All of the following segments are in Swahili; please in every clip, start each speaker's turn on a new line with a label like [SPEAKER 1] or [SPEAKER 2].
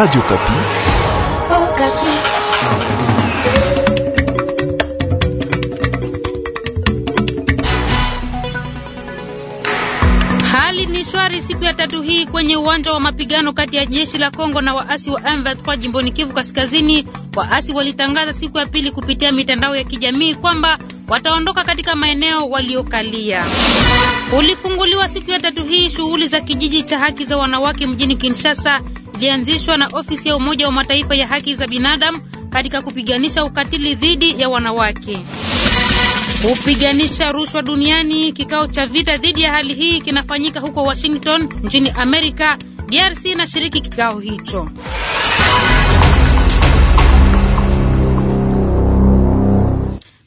[SPEAKER 1] Radio Kapi.
[SPEAKER 2] Oh, Kapi. Hali ni shwari siku ya tatu hii kwenye uwanja wa mapigano kati ya jeshi la Kongo na waasi wa M23 jimboni Kivu Kaskazini. Waasi walitangaza siku ya pili kupitia mitandao ya kijamii kwamba wataondoka katika maeneo waliokalia ulifunguliwa siku ya tatu hii. Shughuli za kijiji cha haki za wanawake mjini Kinshasa zilianzishwa na ofisi ya Umoja wa Mataifa ya haki za binadamu katika kupiganisha ukatili dhidi ya wanawake. Kupiganisha rushwa duniani, kikao cha vita dhidi ya hali hii kinafanyika huko Washington nchini Amerika. DRC inashiriki kikao hicho.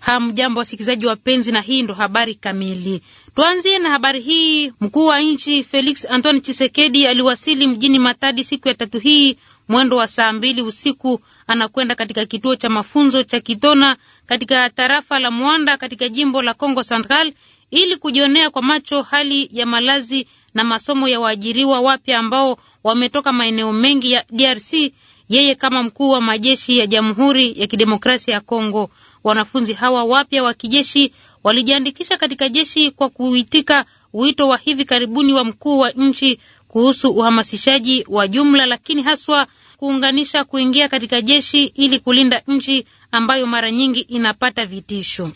[SPEAKER 2] Hamjambo wasikilizaji wapenzi, na hii ndo habari kamili. Tuanzie na habari hii. Mkuu wa nchi Felix Antoine Chisekedi aliwasili mjini Matadi siku ya tatu hii mwendo wa saa mbili usiku. Anakwenda katika kituo cha mafunzo cha Kitona katika tarafa la Mwanda katika jimbo la Congo Central ili kujionea kwa macho hali ya malazi na masomo ya waajiriwa wapya ambao wametoka maeneo mengi ya DRC, yeye kama mkuu wa majeshi ya Jamhuri ya Kidemokrasia ya congo Wanafunzi hawa wapya wa kijeshi walijiandikisha katika jeshi kwa kuitika wito wa hivi karibuni wa mkuu wa nchi kuhusu uhamasishaji wa jumla, lakini haswa kuunganisha kuingia katika jeshi ili kulinda nchi ambayo mara nyingi inapata vitisho.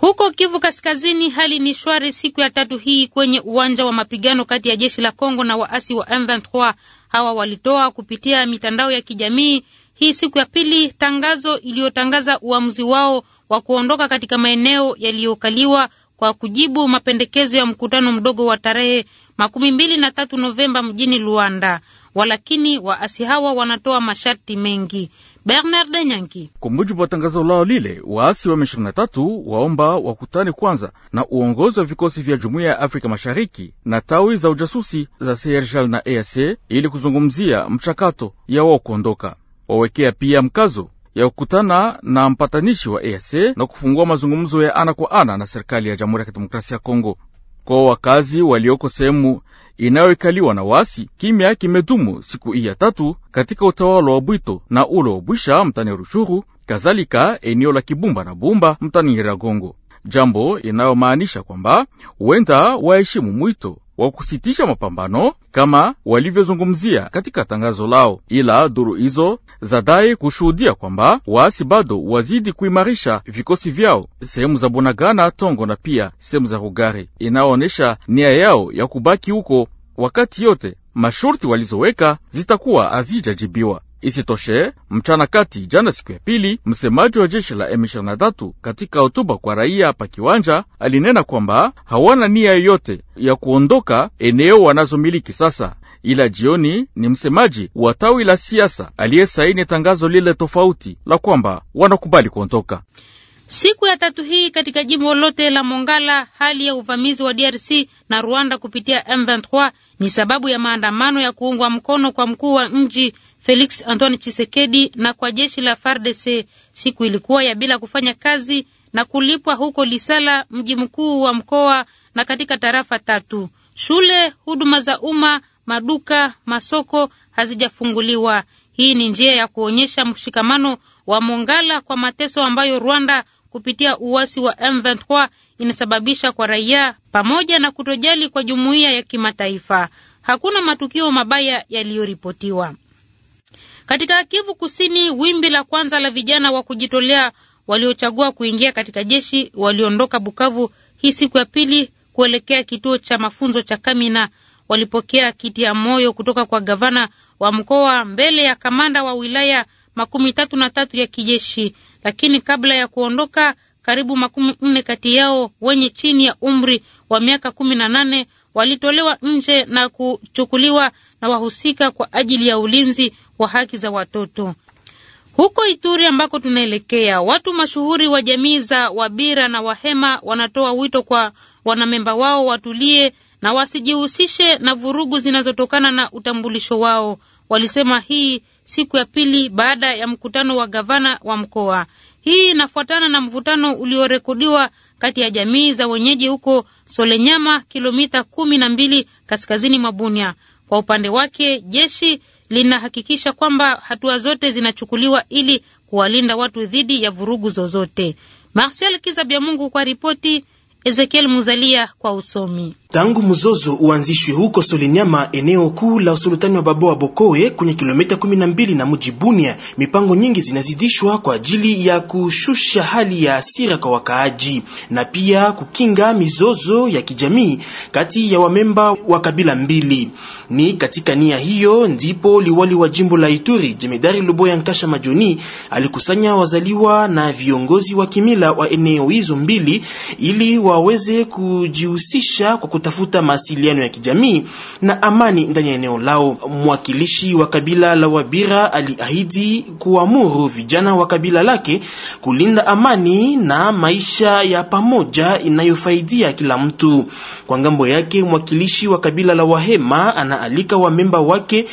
[SPEAKER 2] Huko Kivu Kaskazini hali ni shwari siku ya tatu hii kwenye uwanja wa mapigano kati ya jeshi la Kongo na waasi wa M23. Hawa walitoa kupitia mitandao ya kijamii hii siku ya pili tangazo iliyotangaza uamuzi wao wa kuondoka katika maeneo yaliyokaliwa kwa kujibu mapendekezo ya mkutano mdogo wa tarehe makumi mbili na tatu Novemba mjini Luanda. Walakini waasi hawa wanatoa masharti mengi. Bernard Nyangi.
[SPEAKER 3] Kwa mujibu wa tangazo lao lile, waasi wa M23 waomba wakutane kwanza na uongozi wa vikosi vya Jumuiya ya Afrika Mashariki na tawi za ujasusi za Serjal na EAC ili kuzungumzia mchakato ya wao kuondoka wawekea pia mkazo ya kukutana na mpatanishi wa EAC na kufungua mazungumzo ya ana kwa ana na serikali ya Jamhuri ya Kidemokrasia ya Kongo. Kwa wakazi walioko sehemu inayoikaliwa na wasi kimya kimedumu siku hii ya tatu katika utawala wa Bwito na ulo wa Bwisha mtani Rushuru, kadhalika eneo la Kibumba na Bumba mtani Nyiragongo, jambo inayomaanisha kwamba huenda waheshimu mwito wa kusitisha mapambano kama walivyozungumzia katika tangazo lao, ila duru hizo zadai kushuhudia kwamba waasi bado wazidi kuimarisha vikosi vyao sehemu za Bunagana, Tongo na pia sehemu za Rugari, inaonyesha nia yao ya kubaki huko wakati yote masharti walizoweka zitakuwa hazijajibiwa. Isitoshe, mchana kati jana, siku ya pili, msemaji wa jeshi la M23 katika hotuba kwa raia pa kiwanja alinena kwamba hawana nia yoyote ya kuondoka eneo wanazomiliki sasa, ila jioni ni msemaji wa tawi la siasa aliyesaini tangazo lile tofauti la kwamba wanakubali kuondoka.
[SPEAKER 2] Siku ya tatu hii katika jimbo lote la Mongala, hali ya uvamizi wa DRC na Rwanda kupitia M23 ni sababu ya maandamano ya kuungwa mkono kwa mkuu wa nchi Felix Antoine chisekedi na kwa jeshi la FARDC. Siku ilikuwa ya bila kufanya kazi na kulipwa huko Lisala, mji mkuu wa mkoa, na katika tarafa tatu: shule, huduma za umma, maduka, masoko hazijafunguliwa. Hii ni njia ya kuonyesha mshikamano wa Mongala kwa mateso ambayo Rwanda kupitia uasi wa M23 inasababisha kwa raia pamoja na kutojali kwa jumuiya ya kimataifa. Hakuna matukio mabaya yaliyoripotiwa. Katika Kivu Kusini, wimbi la kwanza la vijana wa kujitolea waliochagua kuingia katika jeshi waliondoka Bukavu hii siku ya pili kuelekea kituo cha mafunzo cha Kamina. Walipokea kiti ya moyo kutoka kwa gavana wa mkoa mbele ya kamanda wa wilaya makumi tatu na tatu ya kijeshi lakini kabla ya kuondoka, karibu makumi nne kati yao wenye chini ya umri wa miaka kumi na nane walitolewa nje na kuchukuliwa na wahusika kwa ajili ya ulinzi wa haki za watoto. Huko Ituri ambako tunaelekea, watu mashuhuri wa jamii za Wabira na Wahema wanatoa wito kwa wanamemba wao watulie na wasijihusishe na vurugu zinazotokana na utambulisho wao. Walisema hii siku ya pili baada ya mkutano wa gavana wa mkoa. Hii inafuatana na mvutano uliorekodiwa kati ya jamii za wenyeji huko Solenyama, kilomita kumi na mbili kaskazini mwa Bunia. Kwa upande wake, jeshi linahakikisha kwamba hatua zote zinachukuliwa ili kuwalinda watu dhidi ya vurugu zozote. Marcel Kizabiamungu kwa ripoti, Ezekiel Muzalia kwa usomi.
[SPEAKER 4] Tangu mzozo uanzishwe huko Solinyama, eneo kuu la usultani wa Baboa Bokoe, kwenye kilomita 12 na mji Bunia, mipango nyingi zinazidishwa kwa ajili ya kushusha hali ya asira kwa wakaaji na pia kukinga mizozo ya kijamii kati ya wamemba wa kabila mbili. Ni katika nia hiyo ndipo liwali wa jimbo la Ituri, jemedari Luboya Nkasha Majoni, alikusanya wazaliwa na viongozi wa kimila wa eneo hizo mbili ili waweze kujihusisha kwa kutafuta mawasiliano ya kijamii na amani ndani ya eneo lao. Mwakilishi wa kabila la Wabira aliahidi kuamuru vijana wa kabila lake kulinda amani na maisha ya pamoja inayofaidia kila mtu. Kwa ngambo yake, mwakilishi wa kabila la Wahema anaalika wamemba wake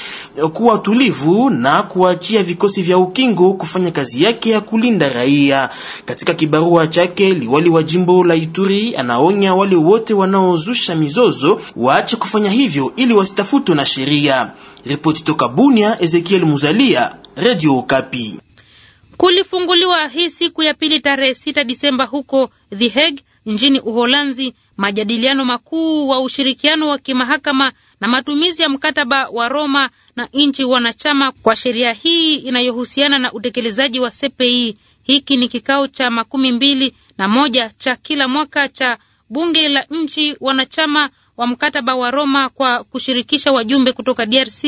[SPEAKER 4] kuwa tulivu na kuachia vikosi vya ukingo kufanya kazi yake ya kulinda raia. Katika kibarua chake, liwali wa jimbo la Ituri anaonya wale wote wanaozusha mizozo waache kufanya hivyo ili wasitafutwe na sheria. Ripoti toka Bunia, Ezekiel Muzalia, Radio Okapi.
[SPEAKER 2] Kulifunguliwa hii siku ya pili tarehe sita Disemba huko The Hague nchini Uholanzi majadiliano makuu wa ushirikiano wa kimahakama na matumizi ya mkataba wa Roma na nchi wanachama kwa sheria hii inayohusiana na utekelezaji wa CPI. Hiki ni kikao cha makumi mbili na moja cha kila mwaka cha bunge la nchi wanachama wa mkataba wa Roma kwa kushirikisha wajumbe kutoka DRC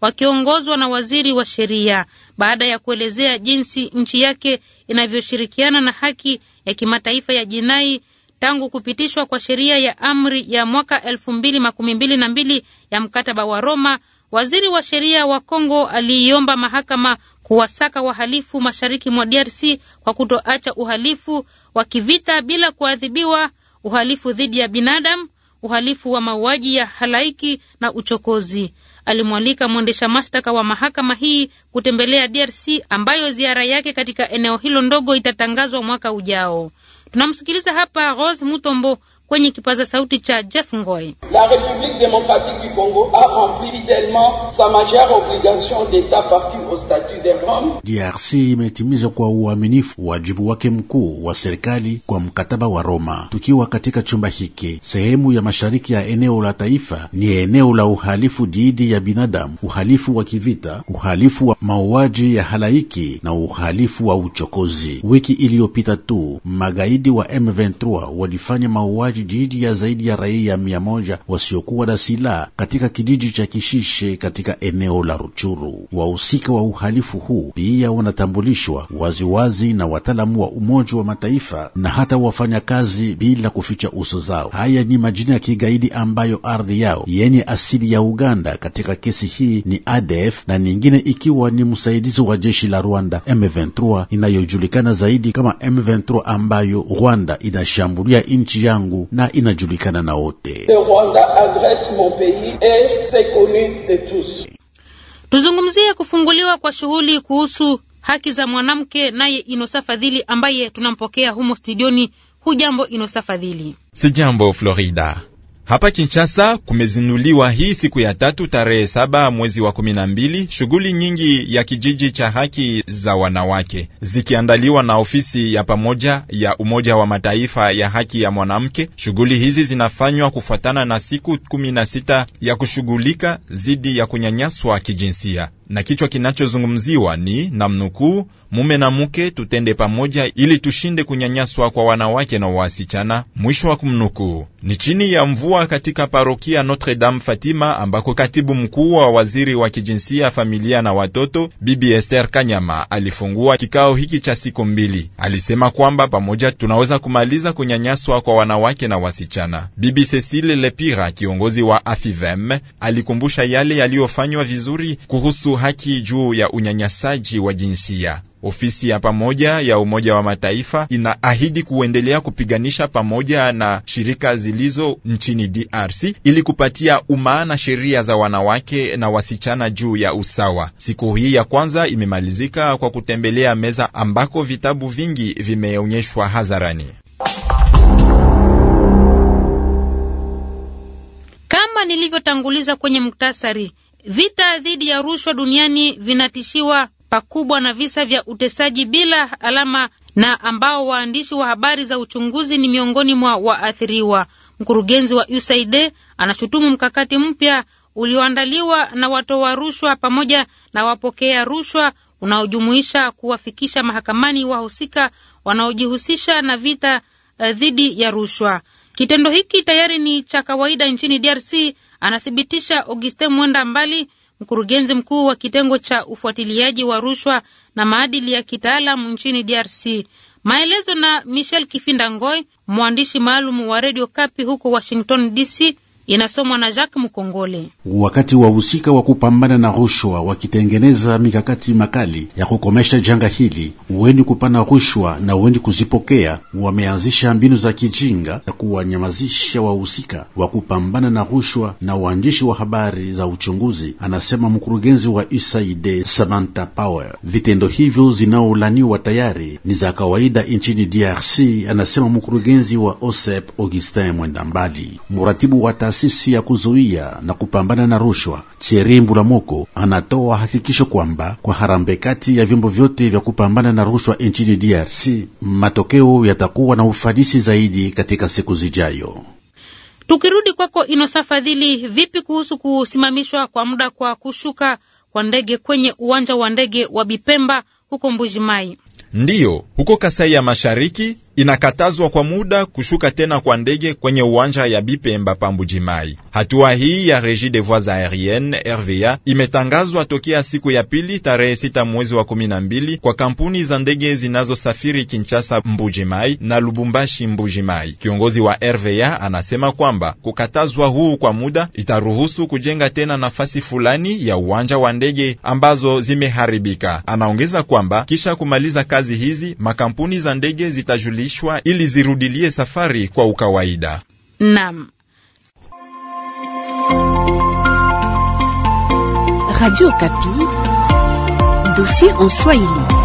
[SPEAKER 2] wakiongozwa na waziri wa sheria, baada ya kuelezea jinsi nchi yake inavyoshirikiana na haki ya kimataifa ya jinai tangu kupitishwa kwa sheria ya amri ya mwaka elfu mbili makumi mbili na mbili ya mkataba wa Roma. Waziri wa sheria wa Kongo aliiomba mahakama kuwasaka wahalifu mashariki mwa DRC kwa kutoacha uhalifu wa kivita bila kuadhibiwa uhalifu dhidi ya binadamu, uhalifu wa mauaji ya halaiki na uchokozi. Alimwalika mwendesha mashtaka wa mahakama hii kutembelea DRC ambayo ziara yake katika eneo hilo ndogo itatangazwa mwaka ujao. Tunamsikiliza hapa Rose Mutombo kwenye kipaza sauti cha Jeff Ngoi.
[SPEAKER 3] La République démocratique du Congo a rempli fidèlement sa majeure obligation d'État parti au statut des Roms.
[SPEAKER 1] DRC imetimiza kwa uaminifu wajibu wake mkuu wa serikali kwa mkataba wa Roma. Tukiwa katika chumba hiki, sehemu ya mashariki ya eneo la taifa ni eneo la uhalifu dhidi ya binadamu, uhalifu wa kivita, uhalifu wa mauaji ya halaiki na uhalifu wa uchokozi. Wiki iliyopita tu magaidi magaidi wa M23 walifanya mauaji dhidi ya zaidi ya raia mia moja wasiokuwa na silaha katika kijiji cha Kishishe katika eneo la Ruchuru. Wahusika wa uhalifu huu pia wanatambulishwa waziwazi wazi na wataalamu wa Umoja wa Mataifa na hata wafanyakazi bila kuficha uso zao. Haya ni majina ya kigaidi ambayo ardhi yao yenye asili ya Uganda katika kesi hii ni ADF na nyingine ikiwa ni msaidizi wa jeshi la Rwanda M23 inayojulikana zaidi kama M23 ambayo Rwanda inashambulia nchi yangu na inajulikana
[SPEAKER 3] na wote.
[SPEAKER 2] Tuzungumzie kufunguliwa kwa shughuli kuhusu haki za mwanamke, naye Inosa Fadhili ambaye tunampokea humo studioni. Hujambo Inosa Fadhili?
[SPEAKER 5] Sijambo Florida. Hapa Kinshasa kumezinuliwa hii siku ya tatu tarehe saba mwezi wa kumi na mbili shughuli nyingi ya kijiji cha haki za wanawake zikiandaliwa na ofisi ya pamoja ya Umoja wa Mataifa ya haki ya mwanamke. Shughuli hizi zinafanywa kufuatana na siku kumi na sita ya kushughulika dhidi ya kunyanyaswa kijinsia na kichwa kinachozungumziwa ni namnukuu, mume na mke tutende pamoja ili tushinde kunyanyaswa kwa wanawake na wasichana, mwisho wa kumnukuu. Ni chini ya mvua katika parokia Notre Dame Fatima, ambako katibu mkuu wa waziri wa kijinsia, familia na watoto, Bibi Esther Kanyama alifungua kikao hiki cha siku mbili. Alisema kwamba pamoja tunaweza kumaliza kunyanyaswa kwa wanawake na wasichana. Bibi Cecile Lepira, kiongozi wa AFIVEM, alikumbusha yale yaliyofanywa vizuri kuhusu haki juu ya unyanyasaji wa jinsia. Ofisi ya pamoja ya Umoja wa Mataifa inaahidi kuendelea kupiganisha pamoja na shirika zilizo nchini DRC ili kupatia umaana sheria za wanawake na wasichana juu ya usawa. Siku hii ya kwanza imemalizika kwa kutembelea meza ambako vitabu vingi vimeonyeshwa hadharani.
[SPEAKER 2] Kama nilivyotanguliza kwenye muktasari Vita dhidi ya rushwa duniani vinatishiwa pakubwa na visa vya utesaji bila alama na ambao waandishi wa habari za uchunguzi ni miongoni mwa waathiriwa. Mkurugenzi wa USAID anashutumu mkakati mpya ulioandaliwa na watoa rushwa pamoja na wapokea rushwa unaojumuisha kuwafikisha mahakamani wahusika wanaojihusisha na vita eh, dhidi ya rushwa. Kitendo hiki tayari ni cha kawaida nchini DRC, anathibitisha auguste Mwenda Mbali, mkurugenzi mkuu wa kitengo cha ufuatiliaji wa rushwa na maadili ya kitaalamu nchini DRC. Maelezo na Michel Kifinda Ngoi, mwandishi maalum wa Radio Kapi huko Washington DC. Inasomwa na Jacques Mukongole.
[SPEAKER 1] Wakati wahusika wa kupambana na rushwa wakitengeneza mikakati makali ya kukomesha janga hili, weni kupana rushwa na weni kuzipokea, wameanzisha mbinu za kijinga ya kuwanyamazisha wahusika wa kupambana na rushwa na waandishi wa habari za uchunguzi, anasema mkurugenzi wa USAID Samantha Power. Vitendo hivyo zinaolaniwa tayari ni za kawaida nchini DRC, anasema mkurugenzi wa OSEP Augustin Mwendambali, mratibu wa taasisi ya kuzuia na kupambana na rushwa Thierry Mbulamoko anatoa hakikisho kwamba kwa harambe kati ya vyombo vyote vya kupambana na rushwa nchini DRC matokeo yatakuwa na ufanisi zaidi katika siku zijayo.
[SPEAKER 2] Tukirudi kwako Inosafadhili, vipi kuhusu kusimamishwa kwa muda kwa kushuka kwa ndege kwenye uwanja wa ndege wa Bipemba huko Mbujimai?
[SPEAKER 5] Ndiyo, huko Kasai ya Mashariki inakatazwa kwa muda kushuka tena kwa ndege kwenye uwanja ya Bipemba Pambujimai. Hatua hii ya Regie des Voies Aeriennes RVA imetangazwa tokea siku ya pili tarehe sita mwezi wa 12 kwa kampuni za ndege zinazosafiri Kinshasa Mbujimai na Lubumbashi Mbujimai. Kiongozi wa RVA anasema kwamba kukatazwa huu kwa muda itaruhusu kujenga tena nafasi fulani ya uwanja wa ndege ambazo zimeharibika. Anaongeza kwamba kisha kumaliza kazi hizi makampuni za ndege zitajuli zimebadilishwa ili zirudilie safari kwa ukawaida.
[SPEAKER 2] Naam. Radio Okapi, dossier en Swahili.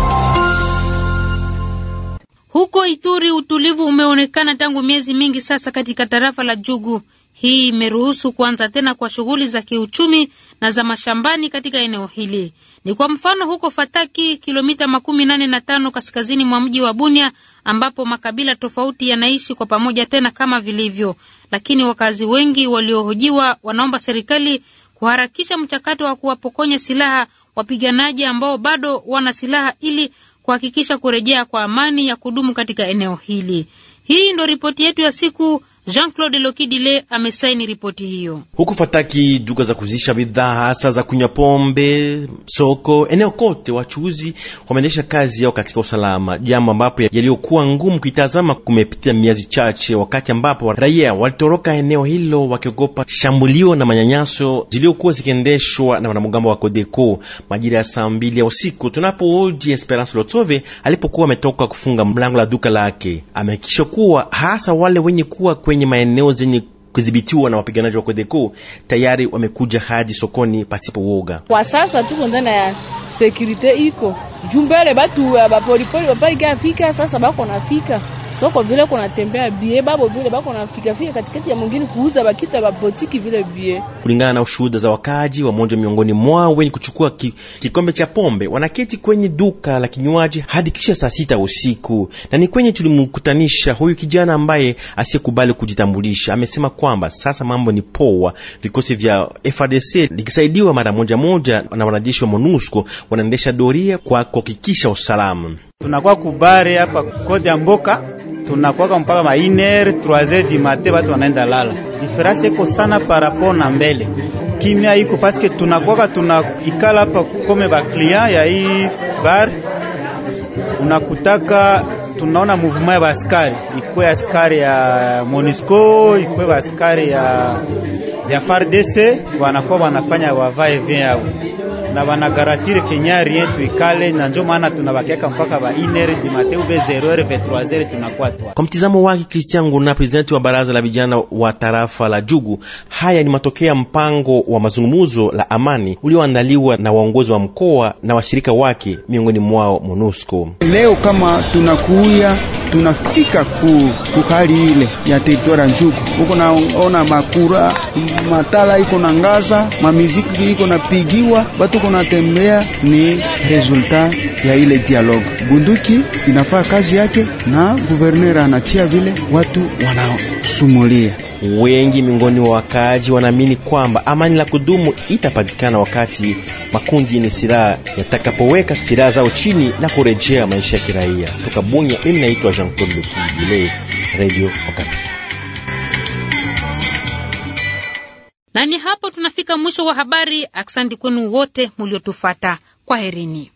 [SPEAKER 2] Huko Ituri utulivu umeonekana tangu miezi mingi sasa katika tarafa la Jugu. Hii imeruhusu kuanza tena kwa shughuli za kiuchumi na za mashambani katika eneo hili. Ni kwa mfano huko Fataki, kilomita makumi nane na tano kaskazini mwa mji wa Bunia, ambapo makabila tofauti yanaishi kwa pamoja tena kama vilivyo, lakini wakazi wengi waliohojiwa wanaomba serikali kuharakisha mchakato wa kuwapokonya silaha wapiganaji ambao bado wana silaha ili kuhakikisha kurejea kwa amani ya kudumu katika eneo hili. Hii ndo ripoti yetu ya siku. Jean-Claude Lokidile amesaini ripoti hiyo.
[SPEAKER 6] Huku Fataki, duka za kuzisha bidhaa hasa za kunywa pombe, soko eneo kote, wachuuzi wameendesha kazi yao katika usalama, jambo ambapo yaliyokuwa ngumu kuitazama kumepitia miezi chache, wakati ambapo raia walitoroka eneo hilo wakiogopa shambulio na manyanyaso ziliyokuwa zikiendeshwa na wanamgambo wa Kodeko majira ya saa mbili ya usiku, tunapooji Esperance Lotove alipokuwa ametoka kufunga mlango la duka lake. Amehakikisha kuwa hasa wale wenye kuwa kwenye kwenye maeneo zenye kudhibitiwa na wapiganaji wa Kodeko tayari wamekuja hadi sokoni pasipo woga. Kwa
[SPEAKER 4] sasa tuko ndani ya sekurite iko jumbele batu bapolipoli bapalika afika sasa bako nafika soko vile kunatembea bie babo vile bako nafikafika katikati ya mwingine kuuza bakita babotiki vile bie.
[SPEAKER 6] Kulingana na ushuhuda za wakaji wa miongoni mwao wenye kuchukua ki, kikombe cha pombe wanaketi kwenye duka la kinywaji hadi kisha saa sita usiku, na ni kwenye tulimkutanisha huyu kijana ambaye asiyekubali kujitambulisha. Amesema kwamba sasa mambo ni poa, vikosi vya FARDC likisaidiwa mara moja moja na wanajeshi wa MONUSCO wanaendesha doria kwa kuhakikisha usalama. Tunakuwa kubare hapa kodi ya mboka tunakwaka mpaka mainer 3h du matin watu wanaenda lala. Diferansi iko sana parapo na mbele kimia iko paske tunakwaka tunaikala hapa kukome baklia ya hii bar unakutaka tunaona muvuma ya basikari ikwe askari ya Monisco ikwe basikari ya ya FARDC wanakuwa wanafanya wavae vyao na banagarantire kenya rien tuikale, na ndio maana tunabakiaka mpaka ba inere di mateu be 0h 23h tunakuwa tu. Kwa mtizamo wake Christian Nguna, presidenti wa baraza la vijana wa tarafa la Jugu, haya ni matokeo ya mpango wa mazungumzo la amani ulioandaliwa na waongozi wa mkoa na washirika wake, miongoni mwao MONUSCO.
[SPEAKER 3] Leo kama tunakuya tunafika ku kukali ile ya teritoria Njugu, huko naona makura matala iko na ngaza, mamiziki iko napigiwa batu tuko natembea ni resulta ya ile dialogue. Bunduki inafaa kazi yake, na guvernera anatia vile watu wanasumulia.
[SPEAKER 6] Wengi miongoni wa wakaaji wanaamini kwamba amani la kudumu itapatikana wakati makundi yenye silaha yatakapoweka silaha zao chini na kurejea maisha ya kiraia. Toka Bunya, mimi naitwa Jean Claude Lokidile, Radio Okapi.
[SPEAKER 2] Na ni hapo tunafika mwisho wa habari. Asante kwenu wote muliotufata. Kwaherini.